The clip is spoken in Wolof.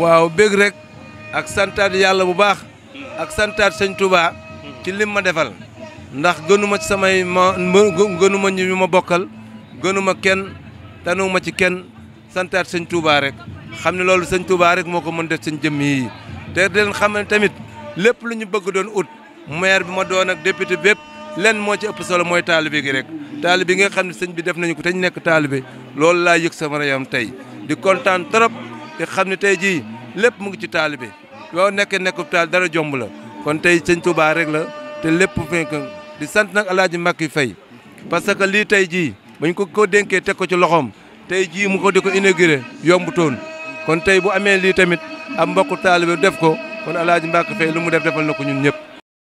waaw bëgg rek ak santaat yàlla bu baax ak santaat sëñ Touba ci lim ma defal ndax gënuma ci samay ma gënuma ñi ñu ma bokkal gënuma kenn tanuma ci kenn santaat sëñ Touba rek xam ne loolu sëñ Touba rek moo ko mën def sañ jëmm yi te den xam ne tamit lépp lu ñu bëgg doon ut maire bi ma doon ak député bépp lenn moo ci ëpp solo mooy taalibe gi rek taalibe gi nga xam ne sëñ bi def nañu ko te ñu nekk taalibe loolu laa yëg sama rayam tey di kontaan trop te xam ne tey jii lépp mu ngi ci taalibe loo nekkee nekkub taal dara jomb la kon tey sëñ Touba rek la te lépp fekk di sant nag alaaji Macky Faye parce que lii tey jii bañ ko ko denkee teg ko ci loxoom tey jii mu ko di ko inauguré yombutoon kon tey bu amee lii tamit am mbokku taalibe def ko kon alaaji Macky Faye lu mu def defal na ko ñun ñëpp